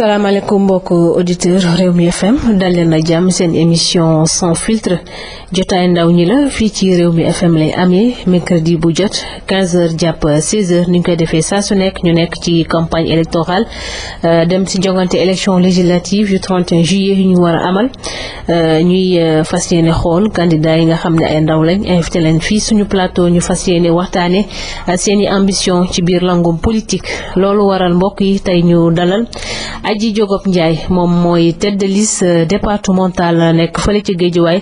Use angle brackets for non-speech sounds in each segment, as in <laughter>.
salaamaaleykum mbokk auditeur mi FM dal leen a jàmm seen émission sans filtre jotaay ndaw ñi la fii ci réew mi FM lay amee mercredi bu jot 15h jàpp 16h ni ñu koy defee saa su nekk ñu nekk ci campagne électorale euh, dem ci jongante élection législative yu 31 juillet yu ñu war a amal euh, ñuy euh, fas yéene xool candidat yi nga xam ne ay ndaw lañ invité leen fii suñu plateau ñu fas yéene waxtaane seeni ambition ci biir langum politique loolu waral mbokk yi tey ñu dalal. Adji Diogop Ndiaye moom mooy tête de liste euh, départementale nekk fële ci géejuwaay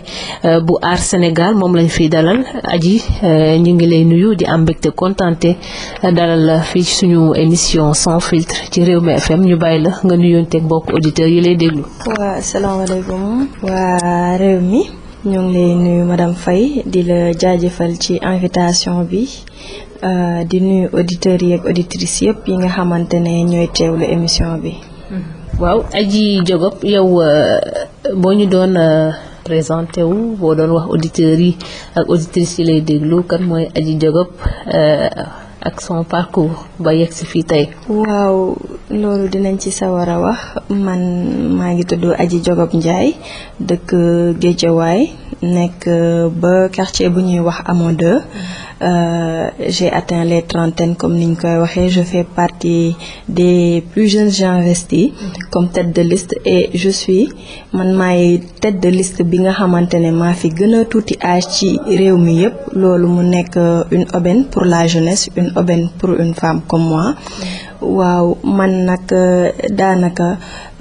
euh, bu aar Sénégal moom lañ fiy dalal Adji euh, ñu ngi lay nuyu di am mbégte kontaante dalal la fii suñu émission sans filtre ci réew mi FM ñu bàyyi la nga nuyoonteeg bokk auditeurs yi lay déglu. waaw asalaamaaleykum waa mi ñoo ngi lay nuyu madame Faye di la jaajëfal ci invitation bi. Uh, di nuyu auditeurs yi ak auditrices yëpp yi nga xamante ne ñooy teewlu émission bi. waaw Adji Diogop yow euh, boo ñu doon euh, présenté wu boo doon wax auditeurs yi ak auditrices yi lay déglu kan mooy Adji Diogop euh, ak son parcours ba yegg si fii tey. waaw loolu dinañ ci sawar a wax man maa ngi tudd aji Diogop Ndiaye dëkk Géejawaay. nekk ba quartier bu ñuy wax amoo deux j'ai atteint les trentaines comme ni ñu koy waxee je fais partie des plus jeunes gens investis comme tête de liste et je suis man maay ted de liste bi nga xamante ne maa fi gën a tuuti âge ci réew mi yépp loolu mu nekk une aubaine pour la jeunesse une aubaine pour une femme comme moi mm. waaw man nag euh, daanaka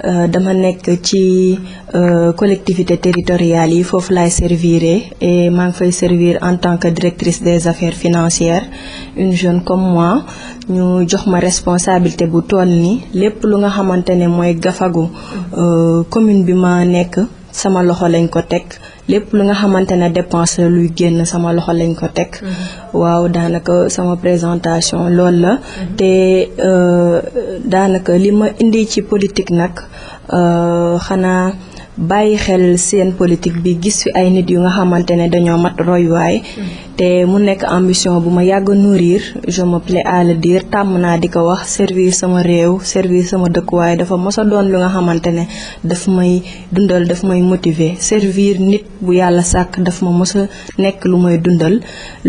Euh, dama nekk ci euh, collectivité territoriale yi foofu laay servir et maa ngi fay servir en tant que directrice des affaires financières une jeune comme moi ñu jox ma responsabilité bu toll nii lépp lu nga xamante ne mooy gafagu euh, commune bi ma nekk sama loxo lañ ko teg lépp lu nga xamante ne dépense la luy génn sama loxo lañ ko teg. Mhm. waaw daanaka sama présentation loolu la. Mhm. te euh, daanaka li ma indi ci politique nag euh, xanaa. bàyyi xel seen politique bi gis fi ay nit yu nga xamante ne dañoo mat royuwaay mhm. te mu nekk ambition bu ma yàgg a nourrir je me plais à le dire tàmm naa di ko wax servir sama réew servir sama dëkkuwaay dafa mos a doon lu nga xamante ne daf may dundal daf may motiver servir nit bu yàlla sàkk daf ma mos a nekk lu may dundal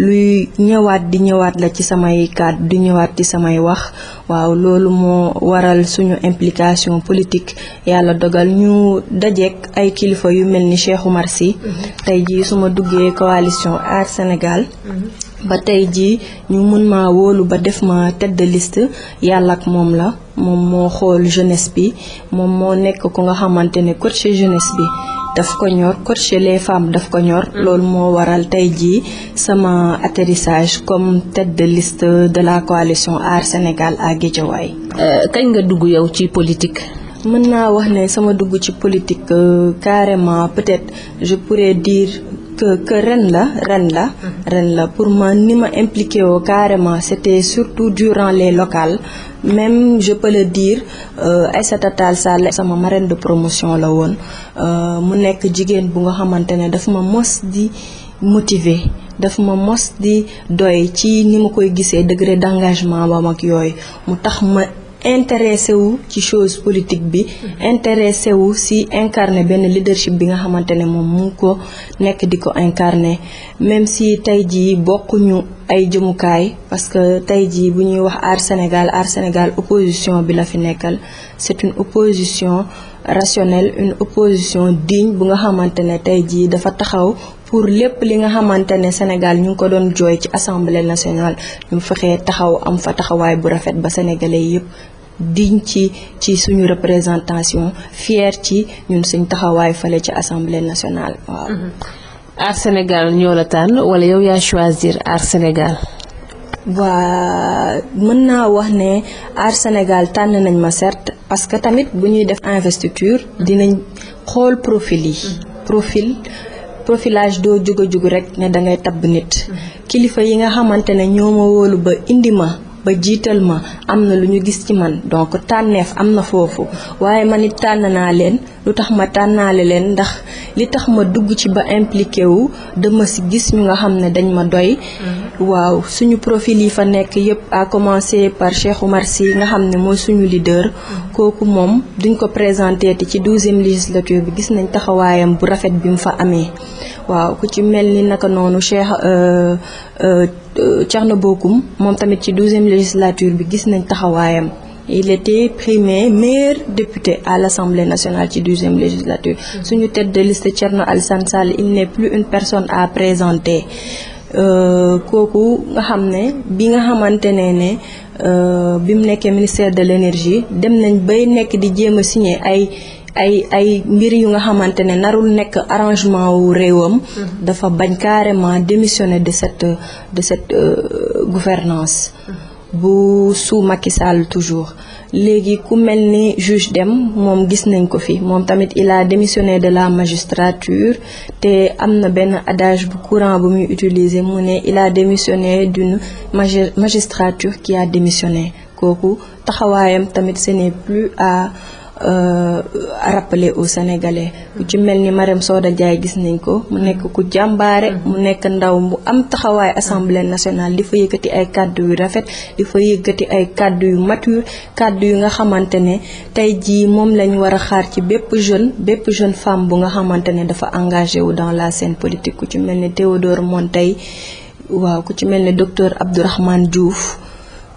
luy ñëwaat di ñëwaat la ci samay kàddu di ñëwaat ci samay wax waaw loolu moo waral suñu implication politique yàlla dogal ñu dajeek ay kilifa yu mel ni Cheikh Oumar mm-hmm. tey jii suma duggee coalition Aar Sénégal Sénégal ba tey jii ñu mën ma woolu ba def ma tête de liste yàlla ak moom la moom moo xool jeunesse bi moom moo nekk ko nga xamante ne coach jeunesse bi daf ko ñor coach les femmes daf ko ñor mm. loolu moo waral tey jii sama atterrissage comme tête de liste de la coalition Aar Sénégal à Guédiawaye euh, kañ nga dugg yow ci politique mën naa wax ne sama dugg ci politique euh, carrément peut je pourrais dire que que ren la ren la ren la pour ma ni ma impliqué woo carrément c'était surtout durant les locales même je peux le dire euh, Aïssata Tall Sall sama marraine de promotion la woon euh, mu nekk jigéen bu nga xamante ne dafa ma mos di motiver dafa ma mos di doy ci ni ma koy gisee degré d'engagement ba ak yooyu mu tax ma intéressé wu ci chose politique bi intéressé wu si incarné benn leadership bi nga xamante ne moom mu ko nekk di ko incarné même si tey jii bokkuñu ay jëmukaay parce que tey jii bu ñuy wax aar Sénégal aar Sénégal opposition bi la fi nekkal c'est une opposition rationnelle une opposition digne bu nga xamante ne tey jii dafa taxaw pour lépp li nga xamante ne Sénégal ñu ngi ko doon jooy ci assemblée nationale ñu fexee taxaw am fa taxawaay bu rafet ba sénégalais yëpp diñ ci ci suñu représentation fier ci ñun suñ taxawaayu fale ci assemblée nationale waaw. Aar mhm. Sénégal ñoo la tànn wala yow yaa choisir Aar Sénégal. waa mën naa wax ne Aar Sénégal tànn nañ ma certes parce que tamit bu ñuy def investiture mhm. dinañ xool profil yi. Mhm. profil profilage doo jóg a jóg rek ne da ngay tabb nit. Mm-hmm. kilifa yi nga xamante ne ñoo ma wóolu ba indi ma. ba jiital ma am na lu ñu gis ci man donc tànneef am na foofu waaye ma it tànn naa leen lu tax ma tànnaale leen ndax li tax ma dugg ci ba impliqué wu dama si gis ñu nga xam ne dañ ma doy mm-hmm. waaw suñu profil yi fa nekk yépp à commencer par Cheikh Oumar nga xam ne mooy suñu leader mm-hmm. kooku moom duñ ko présenté te ci douzième législature bi gis nañ taxawaayam bu rafet bi mu fa amee waaw ku ci mel ni naka noonu Cheikh euh, euh, Thierno Bocoum moom tamit ci douzième législature bi gis nañ taxawaayam il était primé meilleur député à l'Assemblée nationale ci douzième législature suñu tête de liste Thierno Alassane Sall il n'est plus une personne à présenter euh, kooku nga xam ne bi nga xamante ne ne euh, bi mu nekkee ministère de l'énergie dem nañ bay nekk di jéem a signer ay ay ay mbir yu nga xamante ne narul nekk arrangement wu réewam. Mm-hmm. dafa bañ carrément démissionner de cette de cette euh, gouvernance mm-hmm. bu sous Macky Sall toujours léegi ku mel ni juge Dème moom gis nañ ko fi moom tamit il a démissionné de la magistrature te am na benn adage bu courant bu muy utiliser mu ne il a démissionné d'une magistrature qui a démissionné kooku taxawaayam tamit ce plus à Euh, rappeler aux Sénégalais ku ci mel ni Marème Soda Ndiaye gis nañ ko mu nekk ku jàmbaare mu nekk ndaw mu am taxawaay assemblée nationale di fa yëkkati ay kàddu yu rafet di fa yëkkati ay kàddu yu mature kàddu yu nga xamante ne tey jii moom lañu war a xaar ci bépp jeune bépp jeune femme bu nga xamante ne dafa engagé wu dans la scène politique ku ci mel ni Théodore Montey waaw ku ci mel ni docteur Abdourahmane Diouf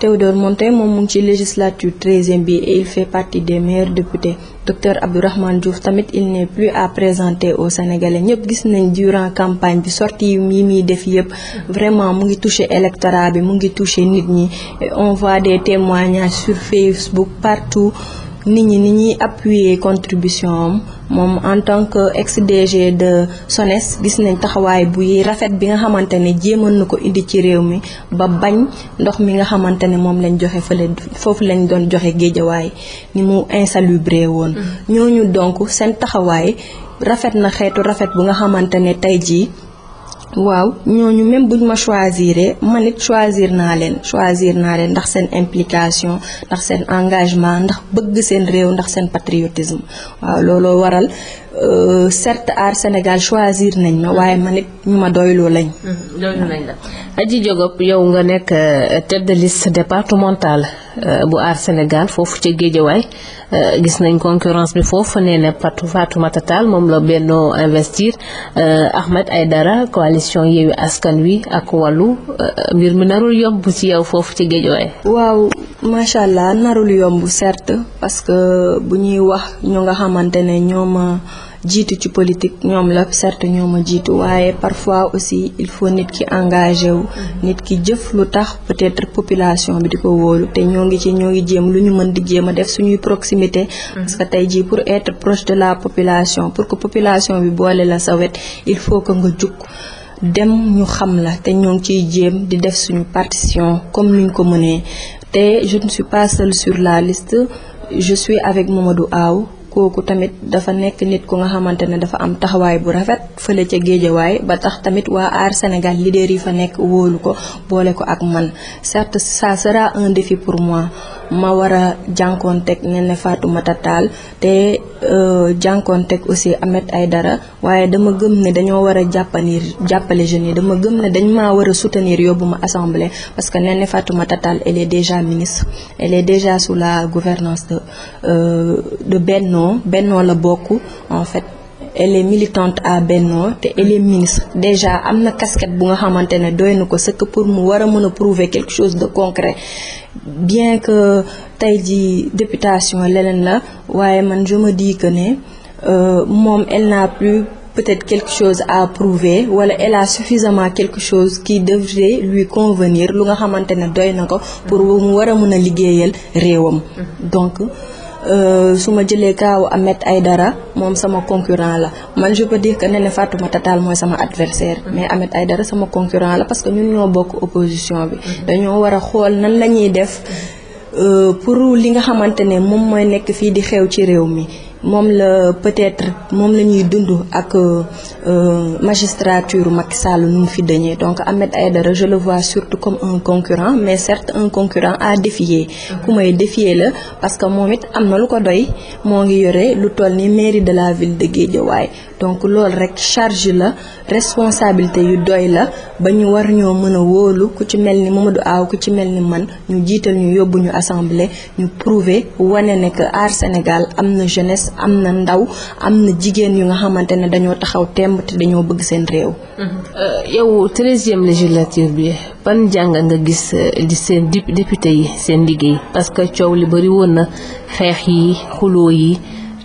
Théodore Monteil moom mu ngi ci législature treizième bi et il fait partie des meilleurs députés docteur Abdourahmane Diouf tamit il n'est plus à présenter aux Sénégalais ñëpp gis nañ durant campagne bi sorti yi muy def yëpp vraiment mu ngi touché électorat bi mu ngi touché nit ñi on voit des témoignages sur Facebook partout nit ñi ni ñiy appuyer contribution moom en tant que ex DG de SONES gis nañ taxawaay buy rafet bi nga xamante ne jéemoon na ko indi ci réew mi ba bañ ndox mi nga xamante ne moom lañ joxe fële foofu lañ doon joxe géejawaay ni mu insalubre woon. Mm-hmm. ñooñu donc seen taxawaay rafet na xeetu rafet bu nga xamante ne tey jii. waaw ñooñu même buñ ma choisiree man it choisir naa leen choisir naa leen ndax seen implication ndax seen engagement ndax bëgg seen réew ndax seen patriotisme waaw looloo waral Euh, certes aar Sénégal choisir nañ ma waaye man it ñu ma doyloo lañ. Mhm, doyloo lañ yow nga nekk euh, tête de liste départementale euh, bu aar Sénégal foofu ca Géejawaay gis nañ concurrence bi foofu nee na Fatoumata Tall moom la Benno investir Ahmed Aïdara coalition Yewwi Askan Wi ak wallu mbir mu narul yomb ci yow foofu ci Géejawaay waaw macha allah narul yomb certes parce que bu ñuy wax ñu nga xamante ne ñoo ma jiitu ci politique ñoom la certes ñoo ma jiitu waaye parfois aussi il faut nit ki engagé wu. nit ki jëf lu tax peut-être population bi di ko wóolu te ñoo ngi ci ñoo ngi jéem lu ñu mën di jéem a def suñuy proximité. parce que tey jii pour être proche de la population pour que population bi boole la sa wet il faut que nga jug. dem ñu xam la te ñoo ngi ciy jéem di def suñu partition comme niñ ko mënee te je ne suis pas sur la liste je suis avec du Aw kooku tamit dafa nekk nit ku nga xamante ne dafa am taxawaay bu rafet fële ca géejawaay ba tax tamit waa aar Sénégal leader yi fa nekk wóolu ko boole ko ak man certes ça sera un défi pour moi ma war a jànkoonteeg Néné Fatoumata tataal te euh, teg aussi ay dara waaye dama gëm ne dañoo war a jàppanir jàppale jeunes yi dama gëm ne dañ maa war a soutenir yóbbu ma assemblée parce que Néné Fatoumata Tall elle est déjà ministre elle est déjà sous la gouvernance de euh, de Benno Benno la bokk en fait elle est militante à Benno te elle est ministre déjà am na casquette bu nga xamante ne doy na ko sëkk pour mu war a mën a prouver quelque chose de concret bien que tey ji députation leneen la waaye man je me que ne euh, moom elle n'a plus peut-être quelque chose à prouver wala elle a suffisamment quelque chose qui devrait lui convenir lu nga xamante ne doy na ko pour mu war a mën a liggéeyal réewam mm-hmm. donc Euh, su ma jëlee kaaw ay dara moom sama concurrent la man je peux dire que Néné Fatoumata Tall mooy sama adversaire mais ay dara sama concurrent la parce que ñun ñoo bokk opposition bi dañoo war a xool nan la ñuy def euh, pour li nga xamante ne moom mooy nekk fii di xew ci réew mi moom la peut-être moom la ñuy dund ak euh, euh, magistrature Macky Sall nu mu fi dañee donc Ahmed Aïdara je le vois surtout comme un concurrent mais certes un concurrent à défier ku may défier la parce que moom it am na lu ko doy moo ngi yore lu toll ni mairie de la ville de Guédiawaye donc loolu rek charge la responsabilité yu doy la ba ñu war ñoo mën a wóolu ku ci mel ni Mamadou Aw ku ci mel ni man ñu jiital ñu yóbbu ñu assemblée ñu prouver wane ne que Aar Sénégal am na jeunesse am na ndaw am na jigéen yu nga xamante ne dañoo taxaw temb te dañoo bëgg seen réew. Euh, yow treizième législature bi ban jàng nga gis euh, di seen député yi seen liggéey parce que coow li bari woon na xeex yi xuloo yi.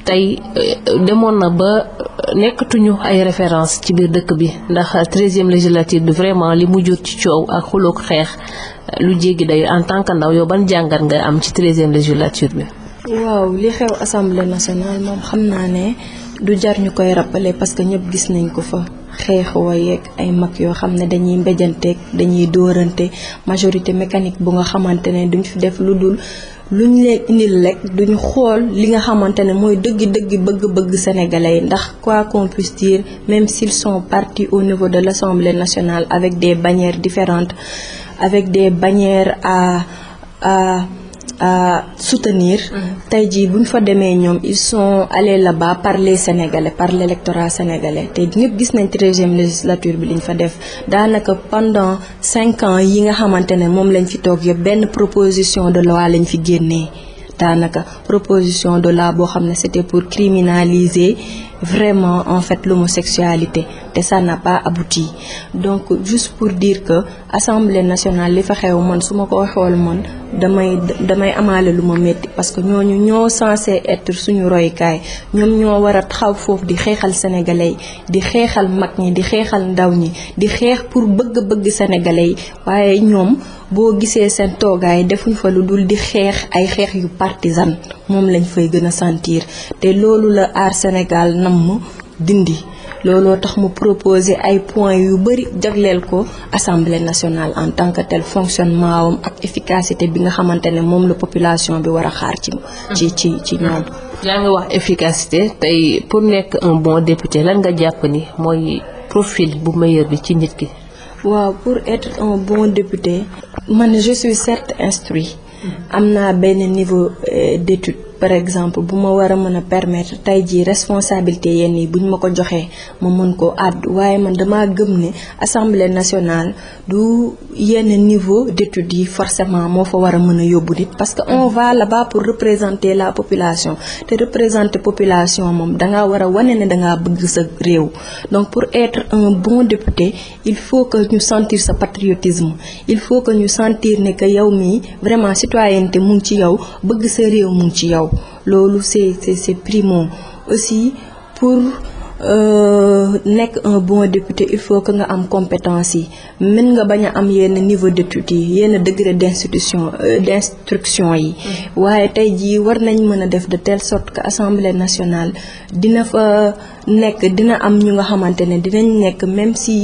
tey euh, demoon na ba euh, nekkatuñu ay référence ci biir dëkk bi ndax treizième législature bi vraiment li mu jur ci coow ak xuloog xeex euh, lu jéggi day en tant que ndaw yow ban jàngat nga am ci treizième législature bi. waaw li xew assemblée nationale moom xam naa ne du jar ñu koy rappeler parce que ñëpp gis nañ ko fa xeex wayeeg ay mag yoo xam ne dañuy mbéjanteeg dañuy dóorante majorité mécanique bu nga xamante ne duñ fi def lu dul. lu ñu leen indil lekk duñ xool li nga xamante ne mooy dëgg-dëgg bëgg-bëgg sénégalais yi ndax quoi qu'on puisse dire même s'ils sont partis au niveau de l'Assemblée nationale avec des bannières différentes avec des bannières à à à soutenir. Mmh. tey jii buñ fa demee ñoom ils sont allés là-bas par les sénégalais par l'électorat sénégalais te ñëpp gis nañ treizième législature bi liñ fa def daanaka pendant cinq ans yi nga xamante ne moom lañ fi toog yëpp benn proposition de loi lañ fi génnee. daanaka proposition de la boo xam ne c'était pour criminaliser vraiment en fait l'homosexualité et ça n'a pas abouti donc juste pour diir que assemblée nationale li fa xew man su ma ko xool man damay damay amaale lu ma métti parce que ñooñu ñoo censé être suñu roykaay ñoom ñoo war a taxaw foofu di xeexal yi di xeexal mag ñi di xeexal ndaw ñi di xeex pour bëgg-bëgg sénégalais yi waaye ñoom boo gisee seen toogaay defuñ fa lu dul di xeex ay xeex yu partisan moom lañ fay gën a sentir te loolu la aar Sénégal namm dindi looloo tax mu proposé ay point yu bëri jagleel ko assemblée nationale en tant que tel fonctionnement wam ak efficacité bi nga xamante ne moom la population bi war a xaar ci ci ci ci ñoom yaa ngi wax efficacité tey pour nekk un bon député lan nga jàpp ni mooy profil bu meilleur bi ci nit ki waaw pour être un bon député man je suis certes instruit mm. am naa benn niveau euh, d'étude par exemple bu ma war a mën a permettre tey jii responsabilité yenn yi buñ ma ko joxee ma mën koo àddu waaye man dama gëm ne assemblée nationale du yenn niveau d'études yi forcément moo fa war a mën a yóbbu nit parce que on va là-bas pour représenter la population te représenter population moom danga war a wane ne danga bëgg sa réew donc pour être un bon député il faut que ñu sentir sa patriotisme il faut que ñu sentir ne que yow mii vraiment citoyenneté mu ngi ci yow bëgg sa réew mu ngi ci yow loolu c'est c'est c'est primo aussi pour Euh, nekk un bon député il faut que nga am compétence yi mën nga bañ a am yenn niveau d'études yi yenn degré d'institution euh, d'instruction yi mm. waaye tey jii war nañ mën a def de telle sorte que assemblée nationale dina fa nekk dina am ñu nga xamante ne dinañ nekk même si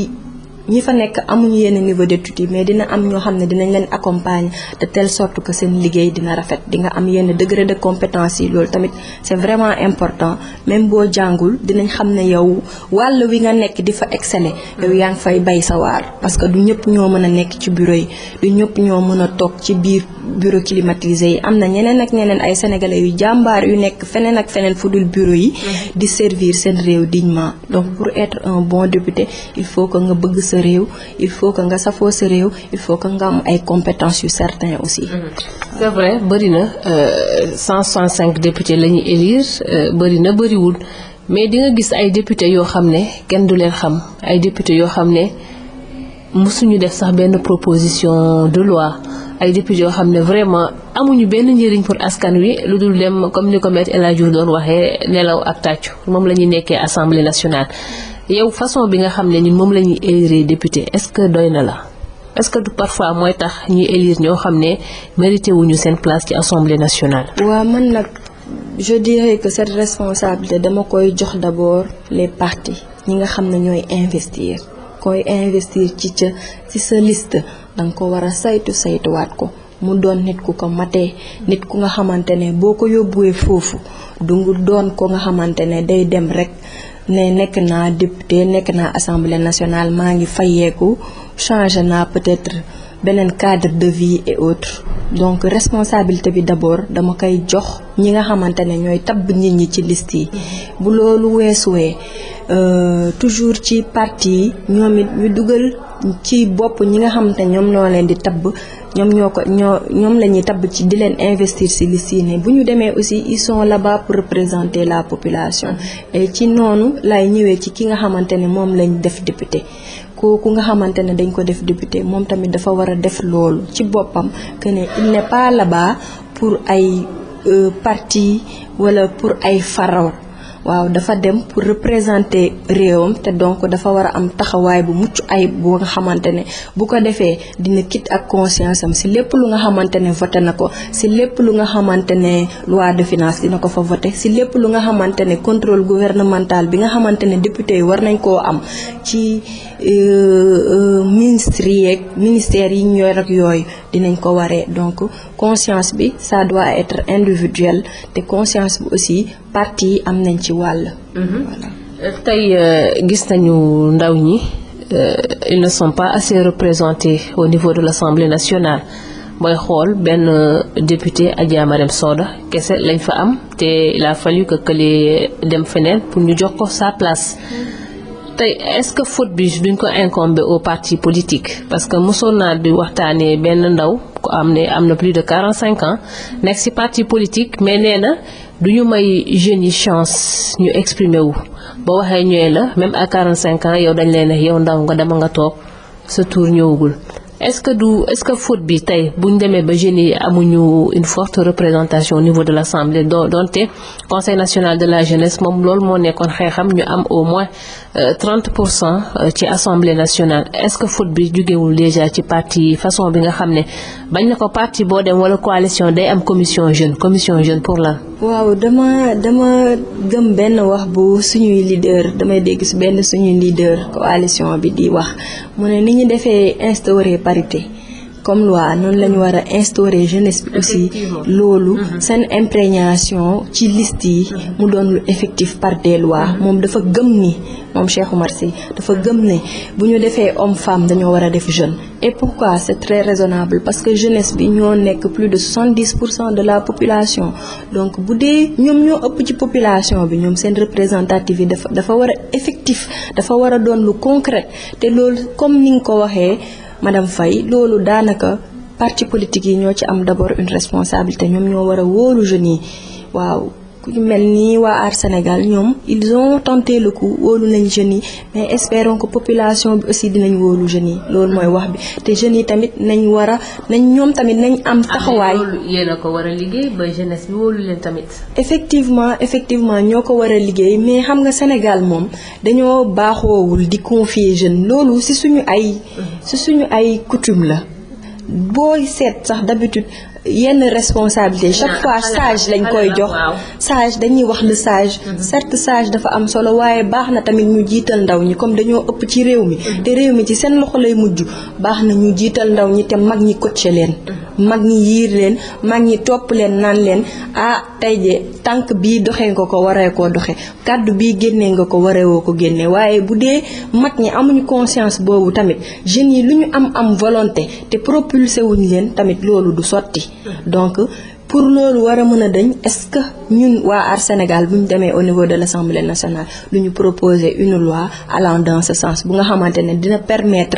ñi fa nekk amuñu yenn niveau d'étude yi mais dina am ñoo xam ne dinañ leen accompagner de telle sorte que seen liggéey dina rafet dinga am yenn degré de compétence yi loolu tamit c'est vraiment important même boo jàngul dinañ xam ne yow wàll wi nga nekk di fa exceller yow yaa ngi fay bay sa waar parce que du ñëpp ñoo mën a nekk ci bureau yi du ñëpp ñoo mën a toog ci biir bureau climatisé yi am na ñeneen ak ñeneen ay sénégalais yu jàmbaar yu nekk feneen ak feneen fu dul bureau yi mm-hmm. di servir seen réew dignement donc pour un bon député il faut que nga bëgg sa réew il faut que nga safoo sa réew il faut que nga am ay compétence yu certain aussi. Mhm. c'est vrai bëri na 165 euh, députés la ñuy euh, bëri na bëriwul mais di nga gis ay députés yoo xam ne kenn du leen xam ay députés yoo xam ne mësuñu def sax benn proposition de loi. ay député yoo xam ne vraiment amuñu benn njëriñ pour askan wi lu dul dem comme ni ko maître la Hadji doon waxee nelaw ak tàccu moom la ñuy nekkee assemblée nationale. yow façon bi nga xam ne ni moom la ñuy élire député est-ce que doy na la est-ce que du parfois mooy tax ñuy élire ñoo xam ne mérité wuñu seen place ci assemblée nationale. waaw man nag je dirais que cette responsabilité dama koy jox d'abord les partis ñi nga xam ne ñooy investir kooy investir ci ca ci sa liste danga ko war a saytu saytuwaat ko. mu doon nit ku ko mate nit ku nga xamante ne boo ko yóbbuwee foofu du doon ko nga xamante ne day dem rek ne nekk naa député nekk naa assemblée nationale maa ngi fayeeku changé naa peut-être beneen cadre de vie et autres donc responsabilité bi d'abord dama koy jox ñi nga xamante ne ñooy tabb nit ñi ci liste yi bu loolu weesuwee euh, toujours ci parti yi ñoom it ñu dugal ci bopp ñi nga xamante ne ñoom ñoo leen di tabb ñoom ñoo ko ñoo ñoom la ñuy tabb ci di leen investir si liste bu ñu demee aussi ils sont là-bas pour représenter la population mm-hmm. ci noonu laay ñëwee ci ki nga xamante ne moom lañ def député kooku nga xamante ne dañ ko def député moom tamit dafa war a def loolu ci boppam que ne il n'est pas pour ay euh, parti wala pour ay faraw waaw dafa dem pour représenter réewam te donc dafa war a am taxawaay bu mucc ayib bu nga xamante ne bu ko defee dina kit ak conscience am si lépp lu nga xamante ne voté na ko si lépp lu nga xamante ne loi de finance dina ko fa voté si lépp lu nga xamante ne contrôle gouvernemental bi nga xamante ne député yi war nañ koo am ci euh, euh, ministres yeeg ministères yi ñooy ak yooyu dinañ ko waree donc conscience bi ça doit être individuel te conscience bi aussi parti yi am nañ ci wàll. Mhm. voilà euh, tey euh, gis nañu ndaw ñi euh, ils ne sont pas assez représentés au niveau de l'Assemblée nationale booy xool benn député Adja Marème Soda kese lañ fa am te il a fallu que kële dem feneen pour ñu jox ko sa place. Mm. tey est-ce que faute bi duñ ko incomber au parti politique parce que mosoon naa di waxtaanee benn ndaw ko am ne am na plus de quarante cinq ans nekk ci parti politique mais nee na du ñu may jeunes yi chance ñu exprimer wu boo waxee ñëwee la même à 45 ans yow dañ leen ne yow ndaw nga dama nga toog sa tour ñëwagul est-ce que du est-ce que foot bi tey bu ñu demee ba jeunes yi amuñu une forte représentation au niveau de l'Assemblée do donte conseil national de la jeunesse moom loolu moo nekkoon xeexam ñu am au moins 30 euh, pour cent euh, ci assemblée nationale est-ce que foot bi jugewul déjà ci parti façon bi nga xam ne bañ ne ko parti boo dem wala coalition day am commission jeune commission jeune pour lan. waaw dama dama gëm benn wax bu suñuy leader damay dégg si benn suñuy leader coalition bi di wax mu ne ni ñu defee instaurer parité comme loi noonu la ñu war a instaurer jeunesse bi aussi loolu mhm. seen imprégnation ci liste yi mhm. mu doon lu effectif par des lois mhm. moom dafa gëm ni moom Cheikh Oumar Sy dafa gëm ne bu ñu defee homme femme dañoo war a def jeune et pourquoi c'est très raisonnable parce que jeunesse bi ñoo nekk plus de 70 pour cent de la population donc bu dee ñoom ñoo ëpp ci population bi ñoom seen représentative yi dafa dafa war a effectif dafa war a doon lu concret te loolu comme ni nga ko waxee madame fay loolu daanaka parti politique yi ñoo ci am d'abord une responsabilité ñoom ñoo war a wóolu jeunes waaw ku mel ni waa Aar Sénégal ñoom ils ont tenté le coup wóolu nañ jeunes yi mais espérons que population bi aussi dinañ wóolu jeunes yi loolu mooy wax bi te jeunes yi tamit nañ war nañ ñoom tamit nañ am taxawaay. yéen a ko war a liggéey ba jeunesse leen tamit. effectivement effectivement ñoo ko war a liggéey mais xam nga Sénégal moom dañoo baaxoowul di confier jeune loolu si suñu ay. si suñu ay coutume la booy seet sax d'habitude yenn responsabilité chaque ah, fois sage lañ koy jox sage dañuy wax lu sage mhm. certes sage dafa am solo waaye baax na tamit ñu jiital ndaw ñi comme dañoo ëpp ci réew mi mhm. te réew mi ci seen loxo lay mujj baax na ñu jiital ndaw ñi te mag ñi coaché leen mhm. mag ñi yiir leen mag ñi topp leen naan leen ah tey jee tànk bi doxee nga ko waree koo doxe kàddu bii génnee nga ko wareewoo ko génne waaye bu dee mag ñi amuñu conscience boobu tamit jeunes yi lu ñu am am volonté te propulsé wuñ leen tamit loolu du sotti donc pour loolu war a mën a dañ est-ce que ñun waa Aar Sénégal bu ñu demee au niveau de l'Assemblée nationale lu ñu proposer une loi allant dans ce sens bu nga xamante ne dina permettre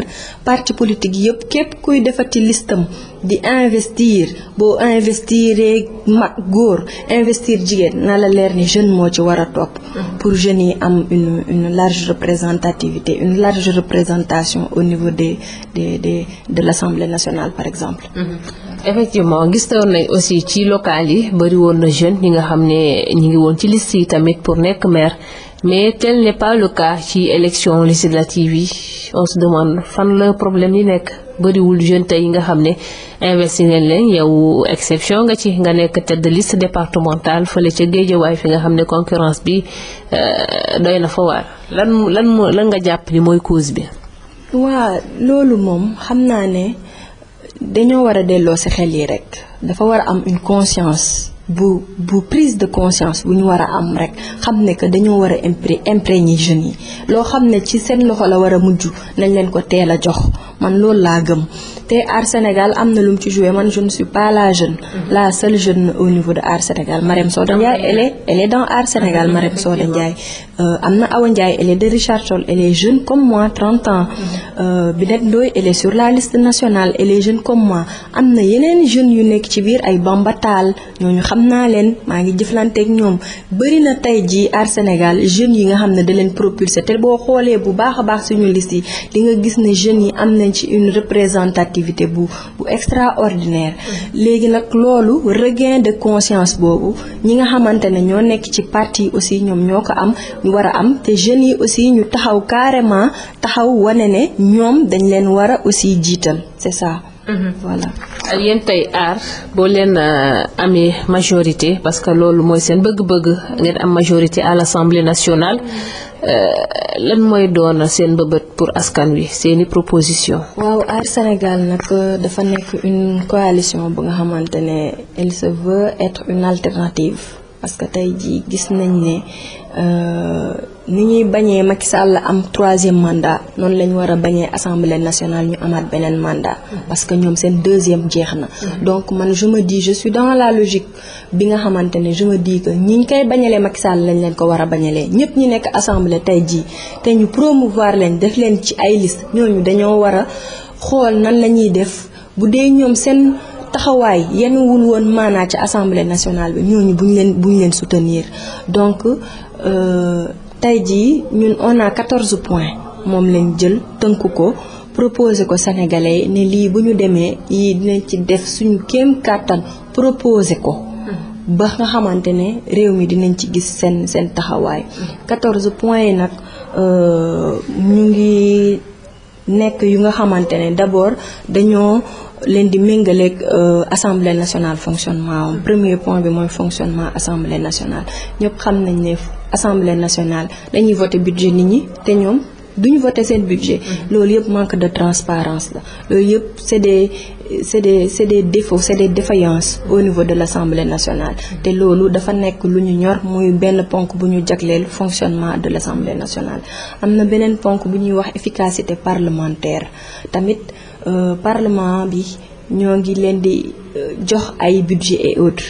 parti politique yëpp képp kuy defati listam di investir boo investiree mag góor investir jigéen na la leer ni jeune moo ci war a topp mhm. pour jeunes yi am une une large représentativité une large représentation au niveau des des des de l'Assemblée nationale par exemple mhm. effectivement gis nañ aussi ci local yi bëri woon na jeune ñi nga xam ne ñi ngi woon ci liste yi tamit pour nekk maire mais tel n'est pas le cas ci élection législative yi on se demande fan la problème yi nekk bariwul jeune tey nga xam ne investi ngeen leen yow exception nga ci nga nekk tête de liste départementale fële ca Géejawaay fi nga xam ne concurrence bi euh, doy na fa waar lan lan lan nga jàpp ni mooy cause bi. waa loolu moom xam naa ne. dañoo war a delloo si xel yi rek dafa war a am une conscience bu bu prise de conscience bu ñu war a am rek xam ne que dañoo war a impré imprégner jeunes yi loo xam ne ci seen loxo la war a mujj nañ leen ko teel a jox man loolu laa gëm. te Aar Sénégal am na lu mu ci joué man je ne suis pas la jeune la seule jeune au niveau de Aar Sénégal Marème Soda Ndiaye dans Aar Sénégal Marème Soda Ndiaye euh, am na Awa Ndiaye elle est de Richard Toll elle jeune comme mois 30 ans euh, Binet Ndoye elle sur la liste nationale elle est jeune comme moi am na yeneen jeunes yu nekk ci biir ay bambataal ñu xam naa leen maa ngi jëflanteeg ñoom bëri na tey jii Aar Sénégal jeunes yi nga xam ne da leen propulsé te boo xoolee bu baax a baax suñu liste yi li nga gis ne jeunes yi am nañ ci une représentativité activité bu bu extraordinaire léegi nag loolu regain de conscience boobu ñi nga xamante ne ñoo nekk ci partie aussi ñoom ñoo ko am ñu war a am te jeunes yi aussi ñu taxaw carrément taxaw wane ne ñoom dañ leen war a aussi jiital c'est ça mhm. voilà euh, tey aar boo leen euh, amee majorité parce que loolu mooy seen bëgg-bëgg ngeen am majorité à l'Assemblée nationale Euh, lan mooy doon seen mbëbët pour askan wi seeni proposition waaw Aar Sénégal nag euh, dafa nekk une coalition bu nga xamante ne elle se veut être une alternative parce que tey jii gis nañ ne euh, ni ñuy bañee Macky Sall am troisième mandat noonu la ñu a bañee assemblée nationale ñu amaat beneen mandat. parce que ñoom seen deuxième jeex na. donc man je me dis dans la logique bi nga xamante ne je me dis ñi ñu koy bañalee Macky Sall lañ leen ko war a bañalee ñëpp ñi nekk assemblée tey jii te ñu promouvoir leen def leen ci ay liste ñooñu dañoo war a xool nan la ñuy def bu dee ñoom seen. taxawaay yenn wul woon maanaa ci assemblée nationale bi ñooñu bu ñu leen bu ñu leen soutenir donc euh, tey jii ñun on a 14 points moom lañ jël tënk ko proposé ko sénégalais yi ne lii bu ñu demee yi dinañ ci def suñu kéem kàttan proposé ko. Mm-hmm. ba nga xamante ne réew mi dinañ ci gis seen seen taxawaay. 14 mm-hmm. points yi nag euh, ñu ngi nekk yu nga xamante ne d'abord dañoo. leen di méngaleeg euh, assemblée nationale fonctionnement am premier point bi mooy fonctionnement assemblée nationale ñëpp xam nañ ne assemblée nationale dañuy voter budget nit ñi te ñoom duñu voter seen budget mm-hmm. loolu yëpp manque de transparence la loolu yëpp c'est des c'est des c'est des défauts c'est des défaillances au niveau de l'Assemblée nationale mm-hmm. te loolu dafa nekk lu ñu ñor muy benn ponk bu ñu jagleel fonctionnement de l'Assemblée nationale am na beneen ponk bu ñuy wax efficacité parlementaire tamit Euh, parlement bi ñoo ngi leen di euh, jox ay budget et autres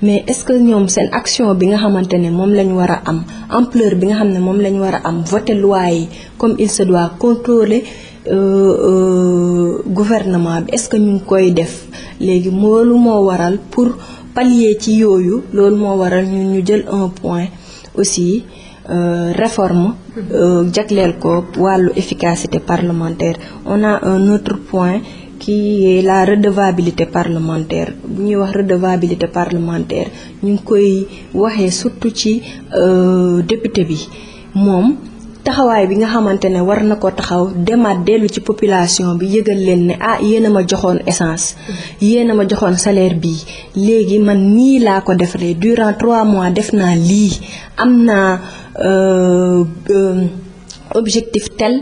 mais est-ce que ñoom seen action bi nga xamante ne moom la ñu war a am ampleur bi nga xam ne moom la ñu war a am voter loi yi comme il se doit contrôler euh, gouvernement bi est-ce que ñu ngi koy def léegi loolu moo waral pour pallier ci yooyu loolu moo waral ñu ñu jël un point aussi Euh, réforme euh, jagleel ko wàllu efficacité parlementaire on a un autre point ki est la redevabilité parlementaire bu ñuy wax redevabilité parlementaire ñu ngi koy waxee surtout ci euh, député bi moom taxawaay bi nga xamante ne war na ko taxaw demaat dellu ci population bi yëgal leen ne ah yéen a ma joxoon essence yéen a ma joxoon salaire bii léegi man nii laa ko defaree durant trois mois def naa lii am naa euh, euh, objectif tel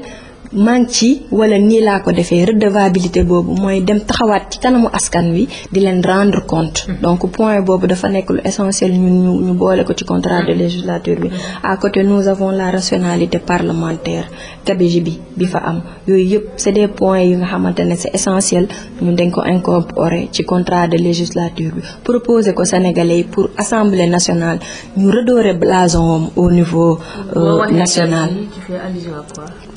man ci wala nii laa ko defee redevabilité boobu mooy dem taxawaat ci kanamu askan wi di leen rendre compte. Mm-hmm. donc point boobu dafa nekk lu essentiel ñun ñu boole ko ci contrat de législature bi. Mm-hmm. à côté nous avons la rationalité parlementaire gabegie bi bi fa am yooyu yëpp c'est des points yi nga xamante ne c'est essentiel ñun dañ ko incorporer ci contrat de législature bi proposer ko Sénégalais yi pour assemblée nationale ñu redorer blason au niveau euh, national.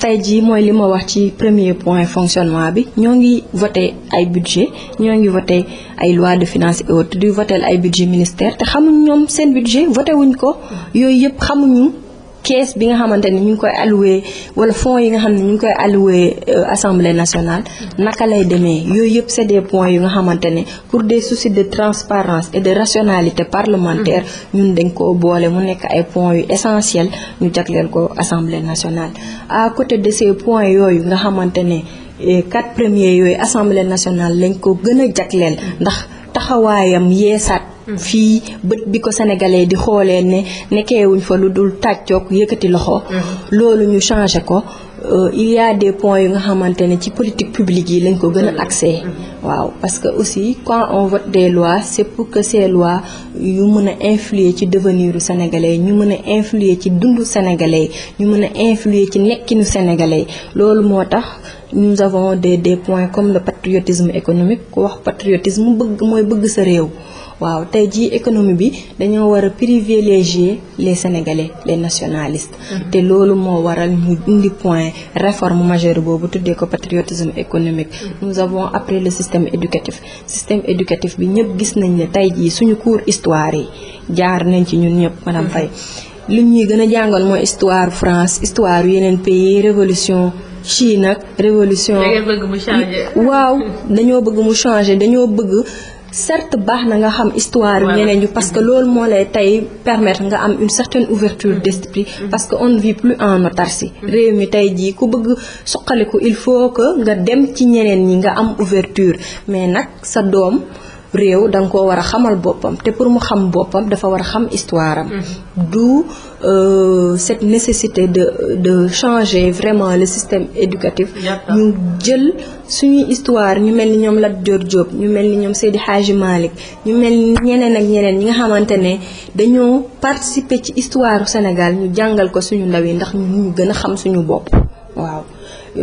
tey jii mooy li ma wax ci premier point fonctionnement bi ñoo ngi vote ay budget ñoo ngi voté ay loi de finance et di voté ay budget ministère te xamuñ ñoom seen budget voté wuñ ko mm. yooyu yëpp xamuñu kees bi nga xamante ni ñu ngi koy alloué wala fonds yi nga xam ne ñu ngi koy alloué euh, assemblée nationale naka lay demee yooyu yëpp c'est des points yu nga xamante ne pour des soucis de transparence et de rationalité parlementaire mm-hmm. ñun dañ ko boole mu nekk ay points yu essentiels ñu jagleel ko assemblée nationale à côté de ces points yooyu nga xamante ne euh, quatre premiers yooyu assemblée nationale lañ ko gën a jagleel mm-hmm. ndax taxawaayam yeesaat fii bët bi ko sénégalais di xoolee ne nekkeewuñ fa lu dul tàccoog yëkkati loxo. Mm-hmm. loolu ñu changé ko euh, il y a des points yu nga xamante ne ci politique publique yi lañ ko gën a mm-hmm. accès. Mm-hmm. waaw parce que aussi quand on vote des lois c'est pour que ces lois yu mën a influer ci deveniru sénégalais ñu mën a influer ci dundu sénégalais ñu mën a influer ci nekkinu sénégalais loolu moo tax. nous avons des des points comme le patriotisme économique ku wax patriotisme bëgg mooy bëgg sa réew waaw tey jii économie bi dañoo war a privilégier les sénégalais les nationalistes. Mhm. te loolu moo waral ñu indi point réforme majeure boobu tuddee ko patriotisme économique. Mhm. nous avons après le système éducatif système éducatif bi ñëpp gis nañ ne tey jii suñu cours histoire yi jaar nañ ci ñun ñëpp madame mhm. Faye. li ñuy gën a jàngoon mooy histoire France histoire yeneen pays révolution Chine nag révolution <laughs> waaw dañoo bëgg mu changer dañoo bëgg certes baax na nga xam histoire ñeneen ñu parce que mm-hmm. loolu moo lay tey permettre nga am une certaine ouverture mm-hmm. d'esprit mm-hmm. parce que on ne vit plus en autarcie réew mi tey jii ku bëgg suqaliku il faut que nga dem ci ñeneen ñi nga am ouverture mais nag sa doom réew da nga koo war a xamal boppam te pour mu xam boppam dafa war a xam histoire am du euh, cette nécessité de de changer vraiment le système éducatif ñu jël suñuy histoire ñu mel ni ñoom la jor Diop ñu mel ni ñoom Seydi Hadji Malick ñu mel ni ñeneen ak ñeneen ñi nga xamante ne dañoo participer ci histoire Sénégal ñu jàngal ko suñu ndaw yi ndax ñu gën a xam suñu bopp waaw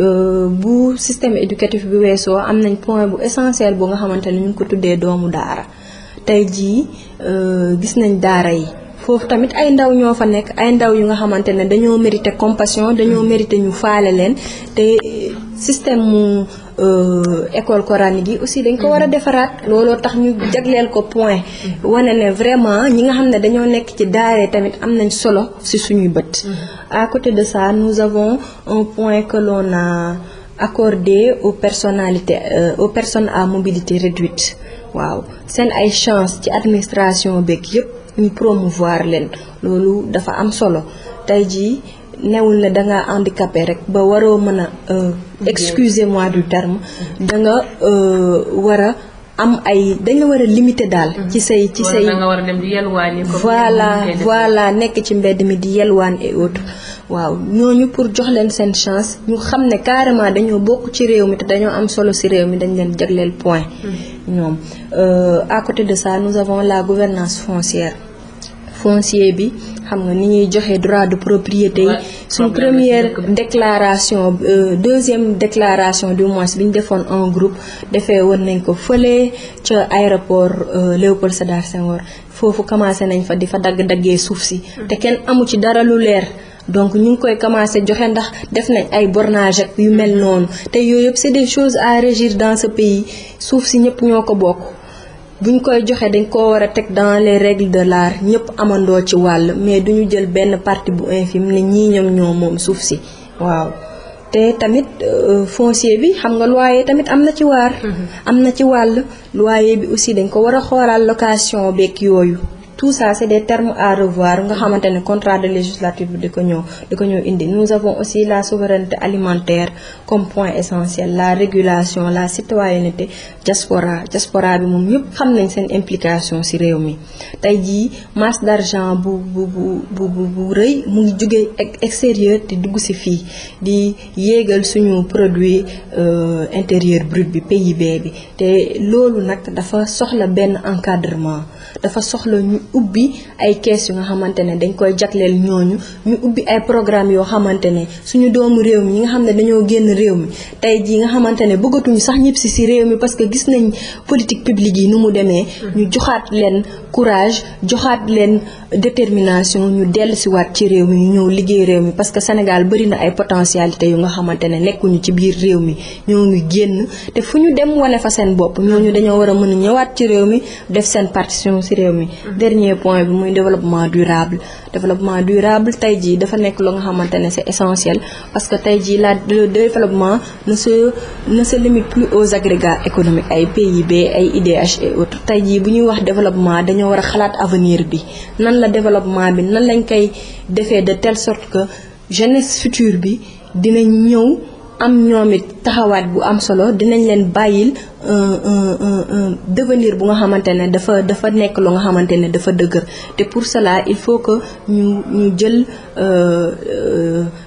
Euh, bu système éducatif bi weesoo am nañ point bu essentiel bu nga xamante ne ñu ngi ko tuddee doomu daara tey jii euh, gis nañ daara yi foofu tamit ay ndaw ñoo fa nekk ay ndaw yu nga xamante ne dañoo mérité compassion dañoo mérité ñu faale leen te système mu euh, école coranique gi aussi dañ ko war a defaraat looloo tax ñu jagleel ko point wane ne vraiment ñi nga xam ne dañoo nekk ci daare tamit am nañ solo ci suñuy bët à côté de ça nous avons un point que l'on a accordé au personnalités au euh, aux personnes à mobilité réduite waaw seen ay chance ci administration beeg yëpp ñu promouvoir leen loolu dafa am solo tey jii newul ne da nga handicapé rek ba waroo mën a euh, excusez mois du terme mm-hmm. da nga euh, war a am ay dañ la war a limité daal. Mhm. ci say ci say wala nga war a dem di yelwaan voilà voilà nekk ci mbedd mi di yelwaan et autres. waaw ñooñu pour jox leen seen chance ñu xam ne carrément dañoo bokk ci réew mi te dañoo am solo si réew mi dañ leen jagleel point. Mhm. ñoom euh, à côté de ça nous avons la gouvernance foncière. foncier bi xam nga ni ñuy joxe droit de propriété yi suñ première déclaration euh, deuxième déclaration du mois bi ñu defoon en groupe defee woon nañ ko fële ca aéroport euh, Léopold Sédar Senghor foofu commencé nañ fa di fa dagg-daggee suuf si mm-hmm. te kenn amu ci dara lu leer donc ñu ngi koy commencé joxe ndax def nañ ay bornage ak yu mel mm-hmm. noonu te yooyu yëpp c'est des chose à régir dans ce pays suuf si ñëpp ñoo ko bokk buñ koy joxee dañ koo war a teg dans les règles de l'art ñëpp amandoo ci wàll mais du duñu jël benn parti bu infime ne ñii ñoom ñoo moom suuf si waaw te tamit euh, foncier bi xam nga loyer tamit am na ci waar mm-hmm. am na ci wàll loyer bi aussi dañ ko war a xoolaal location beeg yooyu tout ça c' est des termes à revoir nga xamante ne contrat de législature bi di ko ñëw di ko ñëw indi nous avons aussi la souveraineté alimentaire comme point essentiel la régulation la citoyenneté diaspora diaspora bi moom ñëpp xam nañ seen implication ci réew mi tey jii masse d' bu bu bu bu bu rëy mu ngi jógee extérieur di dugg ci fii di yéegal suñu produit euh, intérieur brut bi PIB bi te loolu nag dafa soxla benn encadrement dafa soxla ubbi ay kees yu nga xamante ne dañ koy jagleel ñooñu ñu ubbi ay programme yoo xamante ne suñu doomu réew mi yi nga xam ne dañoo génn réew mi tey jii nga xamante ne bëggatuñu sax ñëpp si réew mi parce que gis nañ politique publique yi nu mu demee mm-hmm. ñu joxaat leen courage joxaat leen détermination ñu dellu si ci réew mi ñëw liggéey réew mi parce que Sénégal bëri ay potentialité yu nga xamante ne nekkuñu ci biir réew mi ñoo ngi génn te fu ñu dem wane fa seen bopp ñooñu dañoo war a mën a ñëwaat ci réew mi def seen partition si réew mi mm-hmm. dernier point muy développement durable développement durable tey jii dafa nekk lu nga xamante ne c'est essentiel parce que tey jii la le développement se ne se limite plus aux agrégats économiques ay PIB ay IDH et autres tey jii bu ñuy wax développement dañoo war a xalaat avenir bi nan la développement bi nan lañ koy defee de telle sorte que jeunesse future bi dina ñëw am ñoom it taxawaat bu am solo dinañ leen bàyyil euh, euh, euh, devenir bu nga xamante ne dafa dafa nekk lu nga xamante ne dafa dëgër te pour cela il faut que ñu ñu jël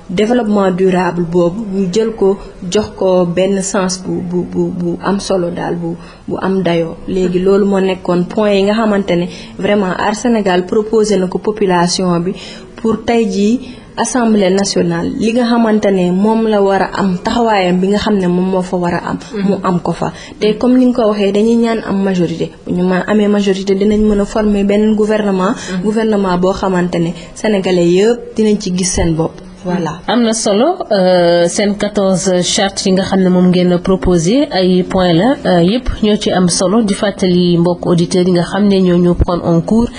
développement durable boobu ñu jël ko jox ko benn sens bu bu bu am solo daal bu bu am dayoo léegi loolu moo nekkoon point yi nga xamante ne vraiment Aar Sénégal proposé na ko population bi pour tey jii assemblée nationale li nga xamante ne moom la war a am taxawaayam bi nga xam ne moom moo fa war a am. mu mhm. am ko fa te comme ni nga ko waxee dañuy ñaan am majorité bu ñu ma amee majorité dinañ mën a former benn gouvernement. Mhm. gouvernement boo xamante ne sénégalais yëpp dinañ ci gis seen bopp. voilà mm. am na solo euh, seen 14 chartes yi nga xam ne moom ngeen a proposé ay point la euh, yëpp ñoo ci am solo di fàttali mbokk auditeurs yi nga xam ne ñoo ñu prendre en cours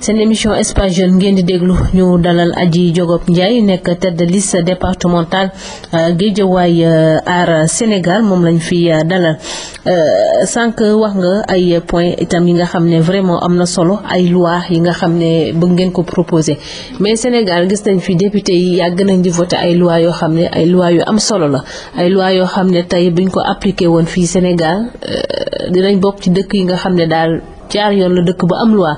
seen émission espace ngeen di déglu ñu dalal Adji Diogop Ndiaye nekk tête de liste départementale euh, Guédiawaye Aar Sénégal moom lañ fi dalal sànq wax nga ay point itam yi nga xam ne vraiment am na solo ay loi yi nga xam ne bëgg ngeen ko proposé mais Sénégal gis nañ fi député yi yàgg nañ di voter ay loi yoo xam ne ay loi yu am solo la ay loi yoo xam ne tey buñ ko appliqué woon fii Sénégal euh, dinañ bokk ci dëkk yi nga xam ne daal jaar yoon la dëkk bu am loi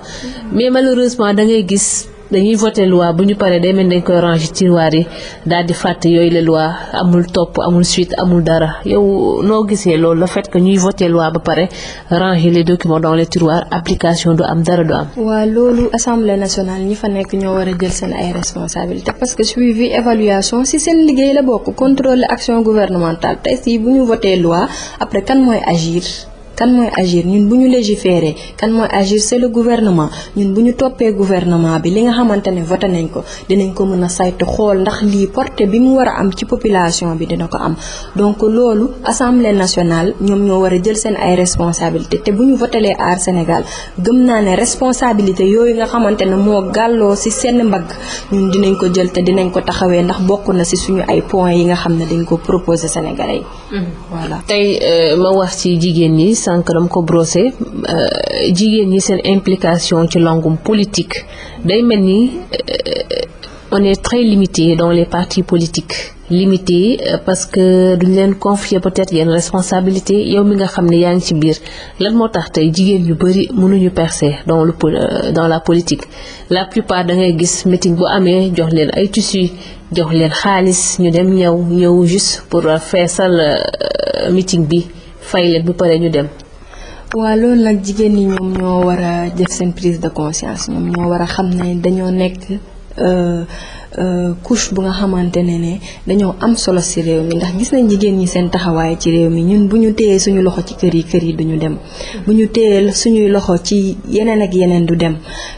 mais malheureusement da ngay gis dañuy voté loi bu ñu paree day mel dañ koy ranger tiroir yi daal di fàtte yooyu le loi amul topp amul suite amul dara yow noo gisee loolu le fait que ñuy voté loi ba pare range les documents dans les tiroirs application du am dara du am. waa loolu assemblée nationale ñi fa nekk ñoo war a jël seen ay responsabilités parce que suivi évaluation si seen liggéey la bokk contrôle action gouvernementale tey si bu ñu voté loi après kan mooy agir. kan mooy agir ñun bu ñu légiférer kan mooy agir c'est le gouvernement ñun bu ñu toppee gouvernement bi li nga xamante ne voté nañ ko dinañ ko mën a saytu xool ndax lii portée bi mu war a am ci population bi dina ko am donc loolu assemblée nationale ñoom ñoo war a jël seen ay responsabilité te bu ñu votelee aar Sénégal gëm naa ne responsabilité yooyu nga xamante ne moo gàlloo ci seen mbagg ñun dinañ ko jël te dinañ ko taxawee ndax bokk na si suñu ay point yi nga xam ne dañ ko proposer Sénégalais yi mmh. tey euh, ma wax ci jigéen ñi sànq dama ko brosser euh, jigéen ñi seen implication ci langum politique day mel ni euh, on est très limité dans les partis politiques limité euh, parce que duñ leen confier peut-être yenn responsabilité yow mi nga xam ne yaa ngi ci biir lan moo tax tey jigéen ñu bëri mënuñu percer dans le dans la politique la plupart da ngay gis meeting bu amee jox leen ay tissus jox leen xaalis ñu dem ñëw ñëw juste pour feesal meeting bi fay leen bu paree ñu dem. waa loolu nag jigéen ñi ñoom ñoo war a def seen prise de conscience ñoom ñoo war a xam ne dañoo nekk. Euh, Euh, couche bu nga xamante ne ne dañoo am solo ci réew mi ndax gis nañ jigéen ñi seen taxawaay ci réew mi ñun bu ñu téyee suñu loxo ci kër yi kër yi duñu dem bu ñu téyee suñuy loxo ci yeneen ak yeneen du dem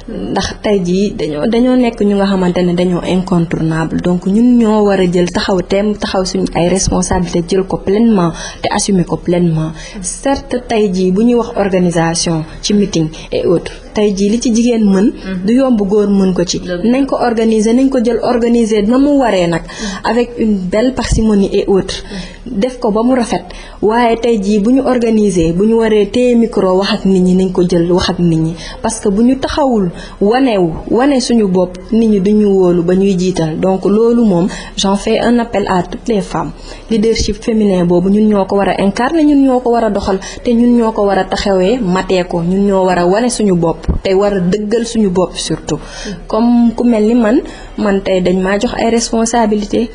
ndax tey jii dañoo dañoo nekk ñu nga xamante ne dañoo incontournable donc ñun ñoo war a jël taxaw teem taxaw suñu ay responsabilité jël ko pleinement te assumer ko pleinement certes tey jii bu ñuy wax organisation ci meeting et autres tey jii li ci jigéen mën mhm. du yomb góor mën ko ci nañ ko organiser nañ ko jël organiser na mu waree nag mhm. avec une belle parcimonie et autre mhm. def ko ba mu rafet waaye tey jii bu ñu organiser bu ñu waree téye micro wax ak nit ñi nañ ko jël wax ak nit ñi parce que bu ñu taxawul wanewu wane suñu bopp nit ñi duñu wóolu ba ñuy jiital donc loolu moom j'en fais un appel à tout les femmes leadership féminin boobu ñun ñoo ko war a incarner ñun ñoo ko war a doxal te ñun ñoo ko war a taxawee matee ko ñun ñoo war a wane suñu bopp te war dëggal suñu bopp surtout comme ku mel ni man man tey dañ maa jox ay responsabilité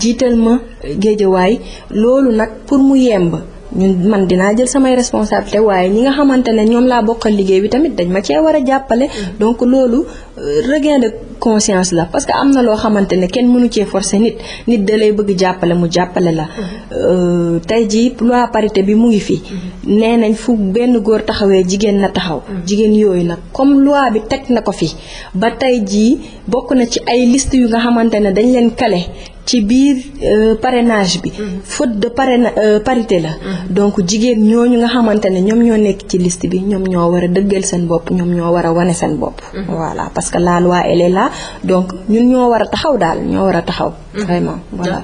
jiital ma géejawaay loolu nag pour mu yemb ñun man dinaa jël samay responsabilité waaye ñi nga xamante ne ñoom laa bokkal liggéey bi tamit dañ ma cee war a jàppale mm-hmm. donc loolu euh, regain de conscience la parce que am na loo xamante ne kenn mënu cee forcer nit nit da lay bëgg jàppale mu jàppale la mm-hmm. euh, tey jii loi parité bi mu ngi fi mm-hmm. nee nañ fu benn góor taxawee jigéen na taxaw jigéen yooyu nag comme loi bi teg na ko fi ba tey ji bokk na ci ay liste yu nga xamante ne dañ leen kale ci biir euh, parrainage bi. Mhm. faute de parrainage euh, parité la. Mhm. donc jigéen ñooñu nga xamante ne ñoom ñoo nekk ci liste bi ñoom ñoo war a dëggal seen bopp ñoom ñoo war a wane seen bopp. Mhm. voilà parce que la loi elle est là donc ñun ñoo war a taxaw daal ñoo war a taxaw. vraiment voilà.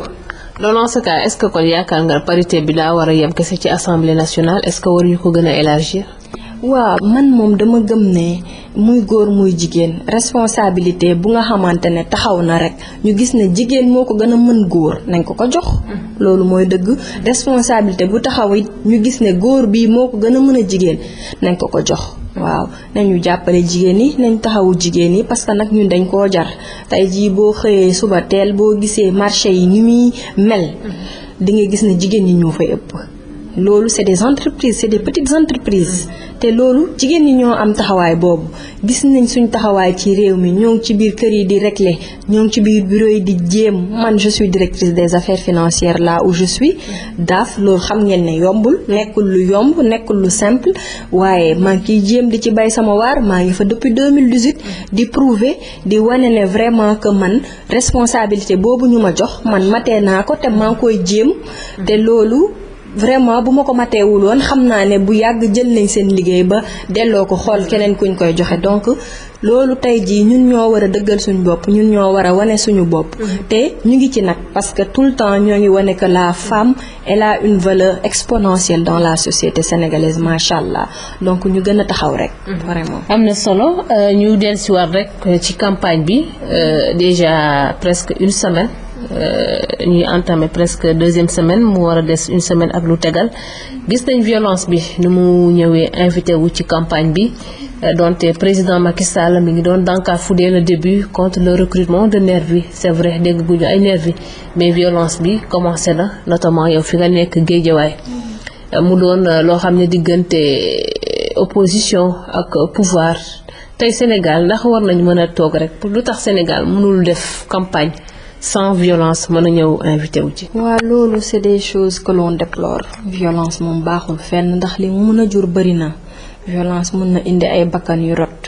loolu en ce cas est-ce que kon yaakaar nga parité bi daa war a yem kese ci assemblée nationale est-ce que waruñu ko gën a élargir. waaw man moom dama gëm ne muy góor muy jigéen responsabilité bu nga xamante ne taxaw na rek ñu gis ne jigéen moo ko gën a mën góor nañ ko ko jox. Mm-hmm. loolu mooy dëgg responsabilité bu taxaw it ñu gis ne góor bii moo ko gën a mën a jigéen nañ ko ko jox. waaw nañu jàppale jigéen yi nañ taxawu jigéen yi parce que nag ñun dañ koo jar tey jii boo xëyee suba teel boo gisee marché yi ni muy mel. Mm-hmm. di nga gis ne jigéen ñi ñoo fay ëpp. loolu c'est des entreprises c'est des petites entreprises te loolu jigéen ñi ñoo am taxawaay boobu gis nañ suñ taxawaay ci réew mi ñoo ngi ci biir kër yi di régler ñoo ngi ci biir bureau yi di jéem man je suis directrice des affaires financières la où je suis daaf loolu xam ngeen ne yombul nekkul lu yomb nekkul lu simple waaye maa ngi ciy jéem di ci bay sama waar maa ngi fa depuis 2018 di prouver di wane ne vraiment que man responsabilité boobu ñu ma jox man matee naa ko te koy jéem te loolu vraiment bu ma ko mateewul woon xam naa ne bu yàgg jël nañ seen liggéey ba delloo ko xool keneen ku ñu koy joxe donc loolu tey jii ñun ñoo war a dëggal suñu bopp ñun ñoo war a wane suñu bopp. Mm-hmm. te ñu ngi ci nag parce que tout le temps ñoo ngi wane que la femme elle a une valeur exponentielle dans la société sénégalaise macha allah donc ñu gën a taxaw rek. Mm-hmm. vraiment am na solo euh, ñu del dellusiwaat rek ci campagne bi euh, déjà presque une semaine. Euh, ñuy entamé presque deuxième semaine mu war a des une semaine ak lu tegal gis nañ violence bi ni mu ñëwee invité wu ci campagne bi euh, donte président Macky mu ngi doon dànkaafu dès le début contre le recrutement de nervi c'est vrai dégg guñu ay nervi mais violence bi commencé na notamment yow fi nga nekk Guédiawaye euh, mu doon loo xam ne diggante opposition ak pouvoir tey Sénégal ndax war nañu mën a toog rek pour lu tax Sénégal mënul def campagne sans violence mën a ñëw invité wu ci. waaw loolu c'est des choses que l'on déplore violence moom baaxul fenn ndax li mu mën a jur bëri na violence mën na indi ay bakkan yu rot.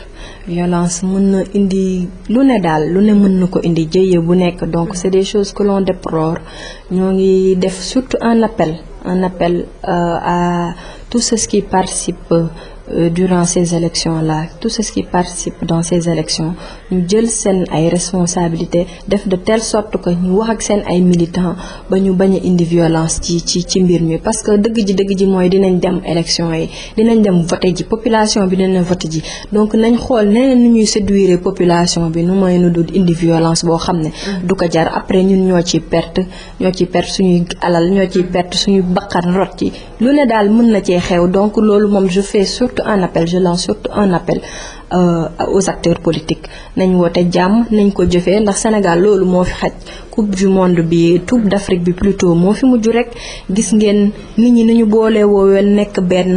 violence mën na indi lu ne daal lu ne mën na ko indi jëye bu nekk donc c'est des choses que l'on déplore ñoo ngi def surtout un appel un appel euh, à tous ceux qui participent Euh, durant ces élections-là tout ce qui participe dans ces élections ñu jël seen ay responsabilité def de telle sort que ñu wax ak seen ay militants ba ñu bañ indi violence ci ci ci mbir mi parce que dëgg ji dëgg ji mooy dinañ dem élection yi dinañ dem voté ji population bi dinañ voté ji donc nañ xool neneen nu ñuy séduire population bi nu mooy nu dul indi violence boo xam ne mm-hmm. du ko jar après ñun ñoo ci perte ñoo ci perte suñuy alal ñoo ci mm-hmm. perte suñu bakkan rot ci lu ne mën na cee xew surtout un appel je lance surtout un appel euh, aux acteurs politiques nañ woote jàmm nañ ko jëfee ndax Sénégal loolu moo fi xaj coupe du monde bi coupe d'Afrique bi plutôt moo fi mujj rek gis ngeen nit ñi ni ñu boole wooweel nekk benn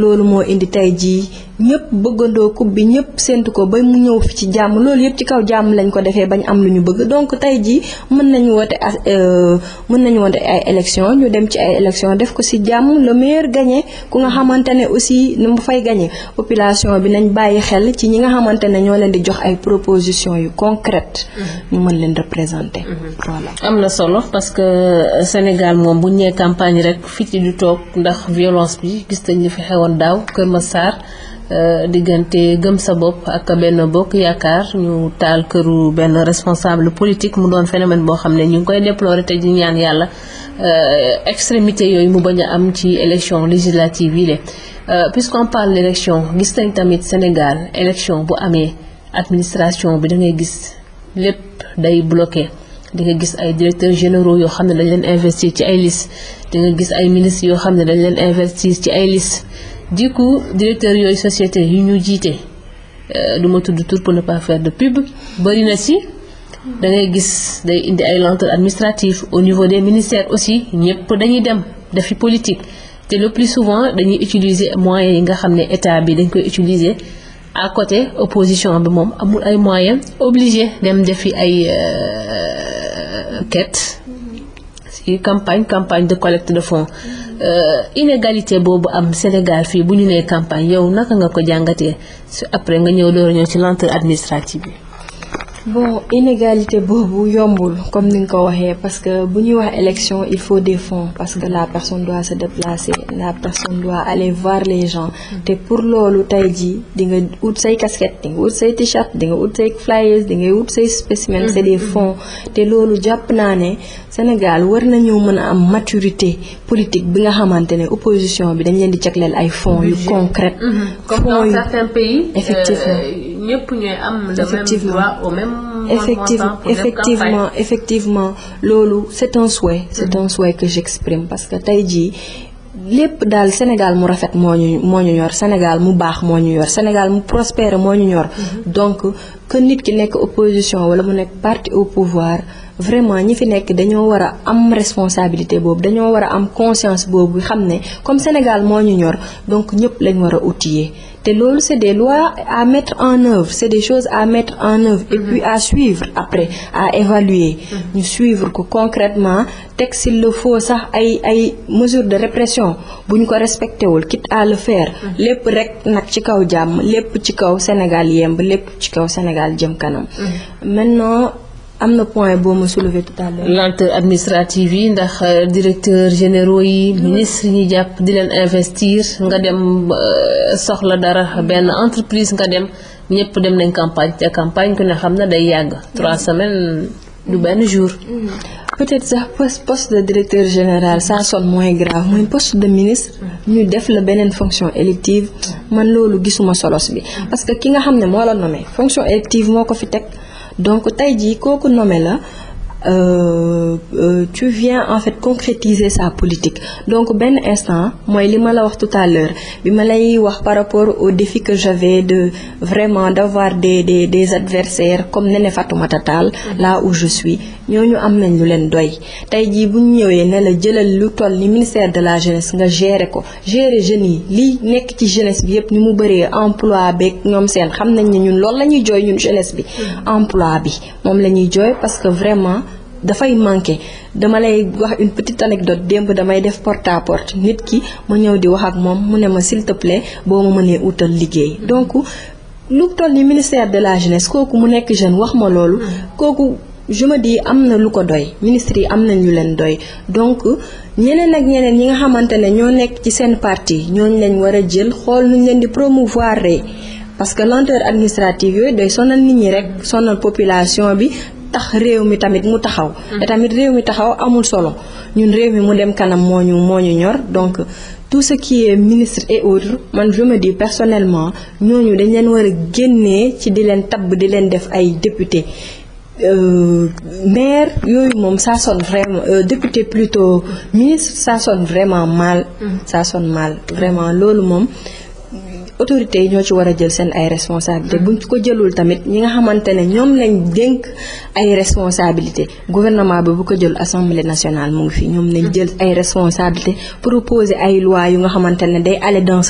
loolu moo indi tey jii ñëpp bëggandoo coupe bi ñëpp séntu ko ba mu ñëw fi ci jàmm loolu yëpp ci kaw jàmm lañ ko defee bañ am lu ñu bëgg donc tey jii mën nañu woote euh, mën nañu woote ay élection ñu dem ci ay élection def ko si jàmm le meilleur gañe ku nga xamante ne aussi nu mu fay gañe population bi nañ bàyyi xel ci ñi nga xamante ne ñoo leen di jox ay proposition yu concrètes mm-hmm. ñu mën leen représenter mm-hmm. problème. am na solo parce que euh, Sénégal moom bu ñu nee campagne rek fii ci du toog ndax violence bi gis nañ li fi xewoon daaw Kër Massar euh, diggante gëm sa bopp ak benn bokk yaakaar ñu taal këru benn responsable politique mu doon phénomène boo xam ne ñu ngi koy déplorer te di ñaan yàlla euh, extrémité yooyu mu bañ a am ci élection législative yi de puisqu'on parle d'élection gis nañ tamit Sénégal élection bu amee administration bi da ngay gis lépp day bloqué di nga gis ay directeurs généraux yoo xam ne dañ leen investir ci ay liste te nga gis ay ministres yoo xam ne dañ leen investir ci ay liste du coup directeurs yooyu société yu ñu jiite euh, du ma tudd tur pour ne pas faire de pub bëri na si da ngay gis day indi ay lenteur administrative au niveau des ministères aussi ñëpp dañuy dem defi politique te le plus souvent dañuy utiliser moyens yi nga xam ne état bi dañ koy utiliser à côté opposition bi moom amul ay moyens obligé dem defi ay euh, quête ci campagne campagne de collecte de fonds euh, inégalité boobu am Sénégal fii bu ñu nee campagne yow naka nga ko jàngatee après nga ñëw door ñëw ci lenteur administrative bi. bon inégalité boobu yombul comme ni nga ko waxee parce que bu ñuy wax élection il faut des fonds parce que la personne doit se déplacer la personne doit aller voir les gens te pour loolu tey jii di nga ut say casquette di nga ut say t-shirt di nga ut say flyers di nga say spécimen c'est des fonds te loolu jàpp naa ne Sénégal war nañoo mën a am maturité politique bi nga xamante ne opposition bi dañ leen di jagleel ay fonds yu concret mhm. fonds yu effectivement euh, ñëpp ñooy am. le même même effectivement effectivement effectivement loolu c'est un souhait. c'est un souhait que j'exprime parce que tey jii. lépp daal Sénégal mu rafet moo ñu moo ñu ñor Sénégal mu baax moo ñu ñor Sénégal mu prospère moo ñu ñor. Mm-hmm. donc que nit ki nekk opposition wala mu nekk parti au pouvoir vraiment ñi fi nekk dañoo war a am responsabilité boobu dañoo war a am conscience boobu xam ne comme Sénégal moo ñu ñor donc ñëpp lañ war a outiller. te loolu c'est des lois à mettre en œuvre c'est de choses à mettre en œuvre et puis à suivre après à évaluer mm-hmm. ñu suivre ko concrètement teg s'il le faut sax ay ay mesures de répression bu ñu ko respecté wul quitte à le faire mm-hmm. lépp rek nag ci kaw jàmm lépp ci kaw Sénégal yemb lépp ci kaw Sénégal jëm kanam mm-hmm. maintenant am na point boo ma soulevé tout à l'heure lenteur administrative yi ndax euh, directeur généraux yi mm-hmm. ministre yi ñu jàpp di leen investir nga dem euh, soxla dara mm-hmm. benn entreprise nga dem ñëpp dem nañ campagne te campagne ku ne xam na day yàgg mm-hmm. trois semaines du benn jour peut-être sax poste de directeur général ça sonne moins grave mooy poste de ministre ñu def la beneen fonction élective man loolu gisuma solos bi parce que ki nga xam ne moo la nommé fonction élective moo ko fi teg donc tey jii kooku nommé la euh, euh en fait concrétiser sa politique donc benn instant mooy li ma la wax tout bi ma lay wax par rapport au défi que j'avais de vraiment d'avoir de des des adversaires comme Néné Fatoumata Tall mhm. là où je suis ñooñu am nañ lu leen doy tey jii bu ñu ñëwee ne la jëlal lu toll ni ministère de la jeunesse nga gérer ko gérer jeunes yi li nekk ci jeunesse bi yépp ni mu bëree emploi beeg ñoom seen xam nañ ne ñun loolu la ñuy jooy ñun jeunesse bi mhm. emploi bi moom la ñuy jooy parce que vraiment dafay manqué dama lay wax une petite anecdote démb damay def porte à porte nit ki ma ñëw di wax ak moom mu ne ma s'il te boo ma mënee utal liggéey mm-hmm. donc lu toll ni ministère de la jeunesse kooku mu nekk jeune wax ma loolu mm-hmm. kooku je me am na lu ko doy ministre yi am na ñu leen doy donc ñeneen ak ñeneen ñi nga xamante ne ñoo nekk ci seen ñoo ñooñu leen war a jël xool nuñ leen di promouvoir parce que lenteur administrative yooyu day sonal nit ñi rek sonal population bi tax réew mi tamit mu taxaw. Mm. te tamit réew mi taxaw amul solo ñun réew mi mu dem kanam moo ñu moo ñu ñor donc tout ce qui est ministre et autres man je yi dis personnellement ñooñu dañ leen war a génnee ci di leen tab di leen def ay député. Euh, maire yooyu moom ça sonne vraiment euh, député plutôt ministre ça vraiment mal. Mm. ça sonne vraiment loolu moom. autorités yi ñoo ci war a jël seen ay responsabilité mm. buñ ko jëlul tamit ñi nga xamante ne ñoom lañ dénk ay responsabilité gouvernement bi bu ko jël assemblée nationale mu ngi fii ñoom lañ mm. jël ay responsabilité proposer ay loi yu nga xamante ne day aller dans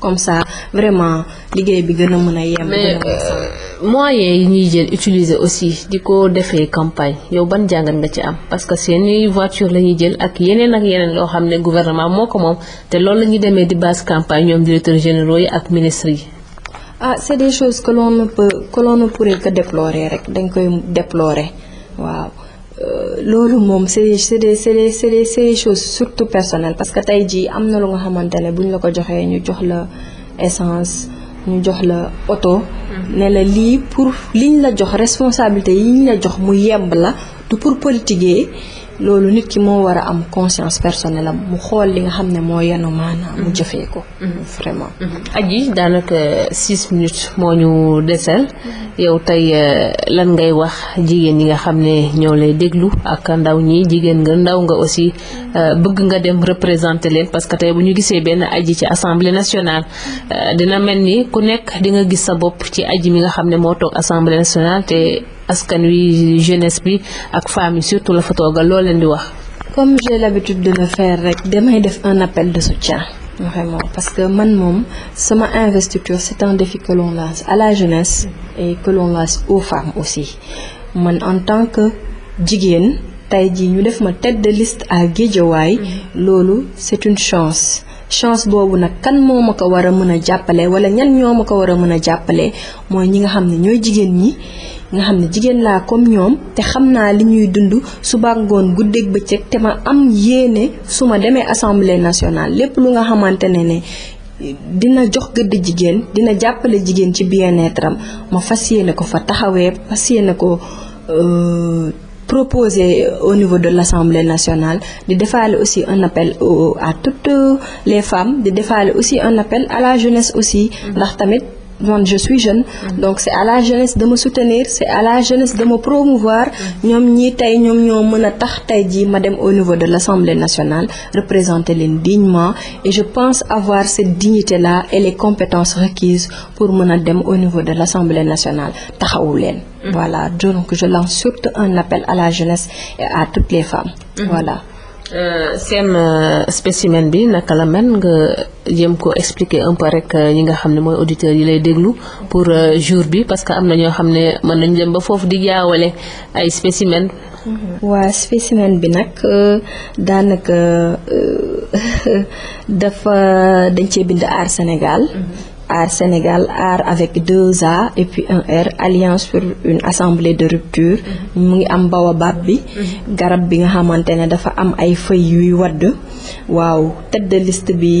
comme ça vraiment liggéey bi gën a mën a yem. mais euh, moyens yi ñuy jël utiliser aussi di ko defee campagne yow ban jàngat nga ci am parce que seeni voiture la ñuy jël ak yeneen ak yeneen loo xam ne gouvernement moo ko moom te loolu la ñuy demee di base campagne ñoom directeurs généraux yi ak ak ministre yi. ah c'est des choses que l'on pour peut que l'on ne pourrait que rek dañ koy déplorer waaw euh, loolu moom c'est c'est des c'est des c'est des c'est des choses surtout personnelles parce que tey jii am na lu nga xamante ne bu ñu la ko joxee ñu jox la essence ñu jox la oto. ne la lii pour liñ la jox responsabilité yi ñu la jox mu yemb la du pour politiquer. loolu nit ki moo war a am conscience personnelle am mu xool li nga xam ne moo yenu maanaam mu mhm. jëfee ko mhm. vraiment mhm. aji daanaka six minutes moo ñu desal yow tey euh, lan ngay wax jigéen yi nga xam ne ñëw lay déglu ak ndaw ñi jigéen nga ndaw nga aussi euh, bëgg nga dem représenter leen parce que tey bu ñu gisee benn aji ci assemblée nationale euh, dina mel ni ku nekk di nga gis sa bopp ci aji mi nga xam ne moo toog assemblée nationale te askan wi jeunesse bi ak femmes yi surtout la fa toogal loo leen di wax. comme j'ai l'habitude de le faire rek damay def un appel de soutien. vraiment parce que man moom sama investiture c'est un défi que l'on lance à la jeunesse et que l'on lance aussi man en tant que jigéen tey jii ñu def ma tête de liste à Guédiawaye mm-hmm. loolu c'est une chance chance boobu nag kan moo ma ko war a mën a jàppale wala ñan ñoom ma ko war a mën a jàppale mooy ñi nga xam ne ñooy jigéen ñi nga xam ne jigéen laa comme ñoom te xam naa li ñuy dund su ngoon guddeek bëccëg te ma am yéene su ma demee assemblée nationale lépp lu nga xamante ne ne dina jox gëdd jigéen dina jàppale jigéen ci bien-être am ma fas yéene ko fa taxawee fas yéene ko. Euh, proposer au niveau de l'Assemblée nationale di defaale aussi un appel à toutes les femmes di defaale aussi un appel à la jeunesse aussi mm-hmm. ndax tamit man je suis jeune mm-hmm. donc c'est à la jeunesse de me soutenir c'est à la jeunesse de ma promouvoir mm-hmm. ñoom ñii tey ñoom ñoo mën a tax tey jii ma dem au niveau de l'Assemblée nationale représenter leen dignement et je pense avoir cette dignité là et les compétences requises pour mën a dem au niveau de l'Assemblée nationale taxawu leen mm-hmm. voilà donc je lance surtout un appel à la jeunesse et à toutes les femmes voilà Euh, seen euh, spécimen bi naka la mel nga jéem ko expliquer un peu rek euh, ñi nga xam ne mooy auditeurs yi lay déglu pour jour bi parce que am na ñoo xam ne mën nañ dem ba foofu di jaawale ay spécimen mm-hmm. waa spécimen bi nag daanaka <laughs> dafa dañ cee bind aar Sénégal mm-hmm. Aar Sénégal Aar avec deux A et puis un R alliance pour une assemblée de rupture mu ngi am baobab bi garab bi nga xamante ne dafa am ay feuilles yuy wadd waaw tête de bi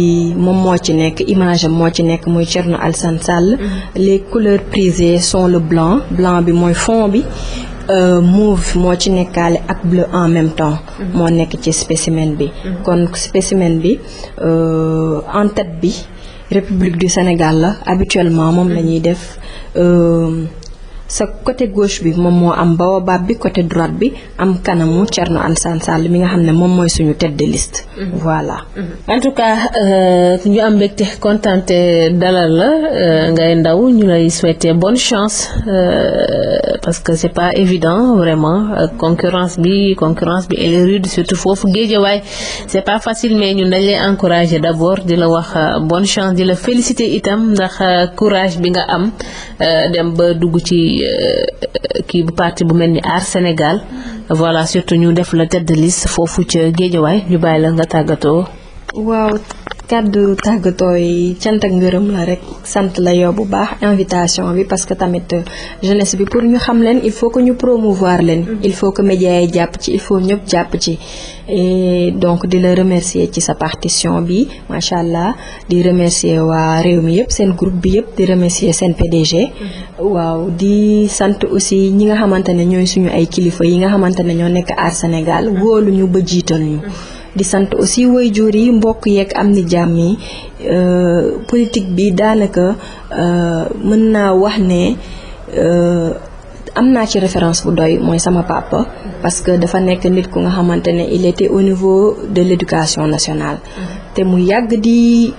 moom moo ci nekk image moo ci nekk muy Thierno Alassane Sall les couleurs prisées sont le blanc blanc bi mooy fond bi Euh, mauve moo ci nekkaale ak bleu en même temps moo nekk ci spécimen bi mhm. kon spécimen bi euh, en tête bi République du Sénégal la habituellement moom la ñuy def. Euh, sa côté gauche bi moom moo am ba baobab bi côté droite bi am kanamu Thierno Alassane Sall mi nga xam ne moom mooy suñu tête de liste. Mhm. voilà. Mhm. en tout cas euh, ñu am mbégte kontante dalal la euh, ngay ndaw ñu lay souhaiter bonne chance euh, parce que c'est pas évident vraiment concurrence bi concurrence bi elle est rude surtout foofu géejawaay c'est pas facile mais ñun dañ lay encourager d'abord di la wax bonne chance di la félicité itam ndax courage bi nga am dem ba dugg ci. ci euh, kii bu partie bu mel ni Aar Sénégal voilà surtout ñu def la tête de liste foofu ca Géejawaay ñu bàyyi la nga tàggatoo. waaw kàddu tàggatoo yi cant ak ngërëm la rek sant la yow bu baax invitation bi parce que tamit euh, jeunesse bi pour ñu xam leen il faut que ñu promouvoir leen. Mm-hmm. il faut que médias yi jàpp ci il faut ñëpp jàpp ci. et donc di la remercier ci sa partition bi macha allah di remercier waa réew mi yëpp seen groupe bi yëpp di remercier seen PDG. Mm-hmm. waaw di sant aussi ñi nga xamante ne ñooy suñu ay kilifa yi nga xamante ne ñoo nekk aar Sénégal mm-hmm. wóolu ñu ba jiital ñu. di sant aussi waajur yi mbokk yeeg am ni jàmm yi euh, politique bi daanaka euh, mën naa wax ne euh, am naa ci référence bu doy mooy sama papa parce que dafa nekk nit ku nga xamante ne il était au niveau de l'éducation nationale te mu yàgg di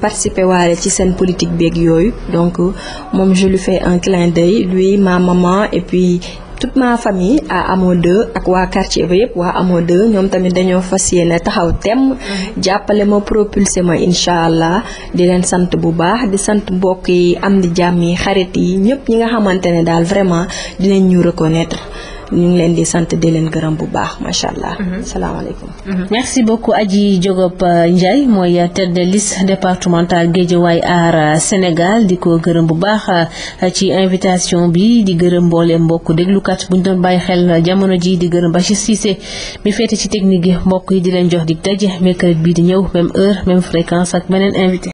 participer waale ci seen politique beeg yooyu donc moom je lui fais un clin d'œil lui ma maman et puis toute ma famille à Hamo ak waa quartier ba yëpp waa Hamo 2 ñoom tamit dañoo fas yéene taxaw tem mm-hmm. jàppale ma propulsé ma incha allah di leen sant bu baax di sant mbokk yi am di jàmm yi xarit yi ñëpp ñi nga xamante ne daal vraiment dinañ ñu reconnaître ñu ngi leen di sant di leen gërëm bu baax macha allah. Mm-hmm. salaamaaleykum. Mm-hmm. merci beaucoup Adji Diogop euh, Ndiaye mooy euh, tête de liste départementale Guédiawaye Aar euh, Sénégal di ko gërëm bu baax ci invitation bi di gërëm mboole mbokk déglukat bu ñu doon bàyyi xel jamono ji di gërëm Bachir Cissé mi féete ci technique gi mbokk yi di leen jox di daje mercredi bii di ñëw même heure même fréquence ak beneen invité.